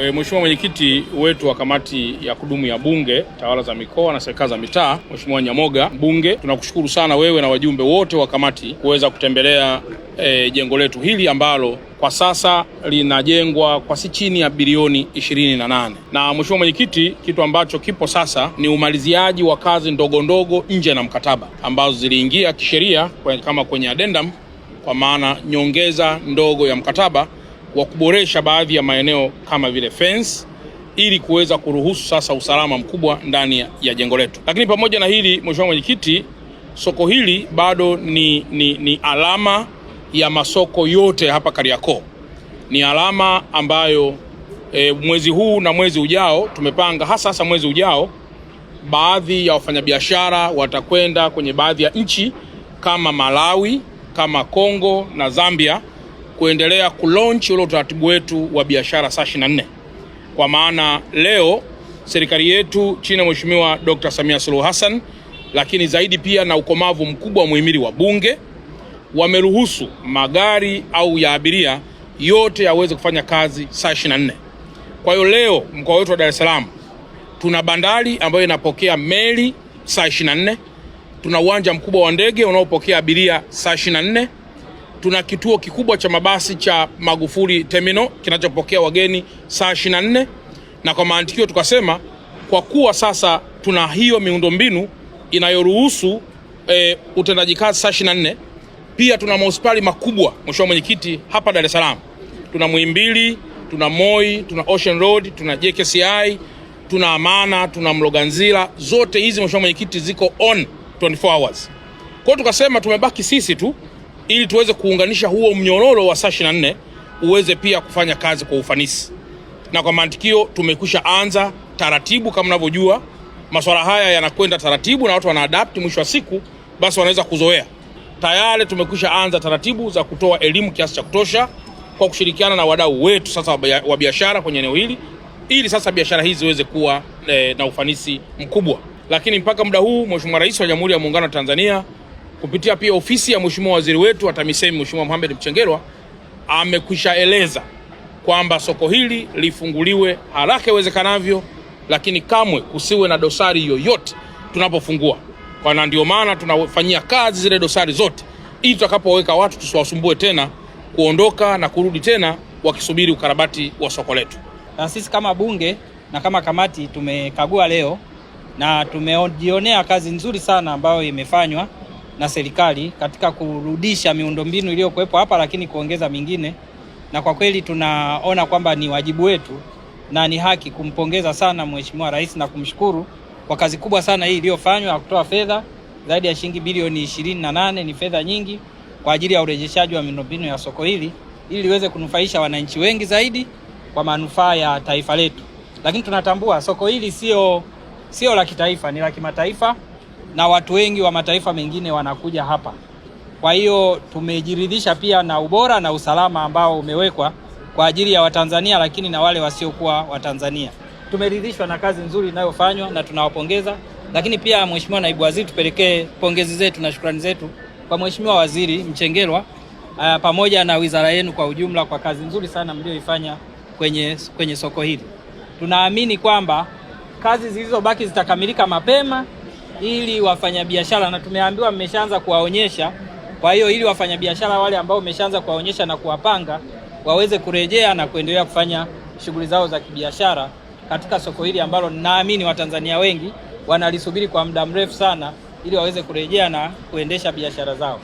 Eh, Mheshimiwa mwenyekiti wetu wa kamati ya kudumu ya Bunge, tawala za mikoa na serikali za mitaa, Mheshimiwa Nyamoga Mbunge, tunakushukuru sana wewe na wajumbe wote wa kamati kuweza kutembelea e, jengo letu hili ambalo kwa sasa linajengwa kwa si chini ya bilioni 28. Na, na Mheshimiwa mwenyekiti, kitu ambacho kipo sasa ni umaliziaji wa kazi ndogo ndogo nje na mkataba ambazo ziliingia kisheria kama kwenye addendum, kwa maana nyongeza ndogo ya mkataba wa kuboresha baadhi ya maeneo kama vile fence ili kuweza kuruhusu sasa usalama mkubwa ndani ya jengo letu. Lakini pamoja na hili, Mheshimiwa Mwenyekiti, soko hili bado ni, ni, ni alama ya masoko yote hapa Kariakoo. Ni alama ambayo e, mwezi huu na mwezi ujao tumepanga hasa hasa mwezi ujao, baadhi ya wafanyabiashara watakwenda kwenye baadhi ya nchi kama Malawi, kama Kongo na Zambia kuendelea kulaunch ule utaratibu wetu wa biashara saa 24 kwa maana leo serikali yetu chini ya Mheshimiwa Dr. Samia Suluhu Hassan, lakini zaidi pia na ukomavu mkubwa wa muhimili wa Bunge wameruhusu magari au ya abiria yote yaweze kufanya kazi saa 24. Kwa hiyo leo mkoa wetu wa Dar es Salaam tuna bandari ambayo inapokea meli saa 24, tuna uwanja mkubwa wa ndege unaopokea abiria saa 24 tuna kituo kikubwa cha mabasi cha Magufuli Terminal kinachopokea wageni saa 24, na kwa maandikio tukasema kwa kuwa sasa tuna hiyo miundombinu inayoruhusu e, utendaji kazi saa 24. Pia tuna mahospitali makubwa, mheshimiwa mwenyekiti, hapa Dar es Salaam tuna Muhimbili, tuna Moi, tuna Ocean Road, tuna JKCI, tuna Amana, tuna Mloganzila. Zote hizi mheshimiwa mwenyekiti ziko on 24 hours. Kwa tukasema tumebaki sisi tu ili tuweze kuunganisha huo mnyororo wa saa 24 uweze pia kufanya kazi kwa ufanisi, na kwa mantikio tumekwisha anza taratibu. Kama mnavyojua, masuala haya yanakwenda taratibu na watu wanaadapti, mwisho wa siku basi wanaweza kuzoea. Tayari tumekwisha anza taratibu za kutoa elimu kiasi cha kutosha kwa kushirikiana na wadau wetu sasa wa biashara kwenye eneo hili, ili sasa biashara hizi ziweze kuwa e, na ufanisi mkubwa. Lakini mpaka muda huu Mheshimiwa Rais wa Jamhuri ya Muungano wa Tanzania kupitia pia ofisi ya mheshimiwa waziri wetu wa TAMISEMI Mheshimiwa Mohamed Mchengerwa amekwishaeleza kwamba soko hili lifunguliwe haraka iwezekanavyo, lakini kamwe kusiwe na dosari yoyote tunapofungua, na ndio maana tunafanyia kazi zile dosari zote, ili tutakapoweka watu tusiwasumbue tena kuondoka na kurudi tena wakisubiri ukarabati wa soko letu. Na sisi kama bunge na kama kamati tumekagua leo na tumejionea kazi nzuri sana ambayo imefanywa na serikali katika kurudisha miundombinu iliyokuwepo hapa, lakini kuongeza mingine, na kwa kweli tunaona kwamba ni wajibu wetu na ni haki kumpongeza sana Mheshimiwa Rais na kumshukuru kwa kazi kubwa sana hii iliyofanywa ya kutoa fedha zaidi ya shilingi bilioni ishirini na nane. Ni fedha nyingi kwa ajili ya urejeshaji wa miundombinu ya soko hili ili liweze kunufaisha wananchi wengi zaidi kwa manufaa ya taifa letu. Lakini tunatambua soko hili sio sio la kitaifa, ni la kimataifa na watu wengi wa mataifa mengine wanakuja hapa. Kwa hiyo tumejiridhisha pia na ubora na usalama ambao umewekwa kwa ajili ya Watanzania, lakini na wale wasiokuwa Watanzania. Tumeridhishwa na kazi nzuri inayofanywa na tunawapongeza, lakini pia Mheshimiwa Naibu Waziri, tupelekee pongezi zetu na shukrani zetu kwa Mheshimiwa Waziri Mchengerwa Uh, pamoja na wizara yenu kwa ujumla kwa kazi nzuri sana mlioifanya kwenye, kwenye soko hili. Tunaamini kwamba kazi zilizobaki zitakamilika mapema ili wafanyabiashara, na tumeambiwa mmeshaanza kuwaonyesha. Kwa hiyo ili wafanyabiashara wale ambao mmeshaanza kuwaonyesha na kuwapanga waweze kurejea na kuendelea kufanya shughuli zao za kibiashara katika soko hili ambalo naamini Watanzania wengi wanalisubiri kwa muda mrefu sana, ili waweze kurejea na kuendesha biashara zao.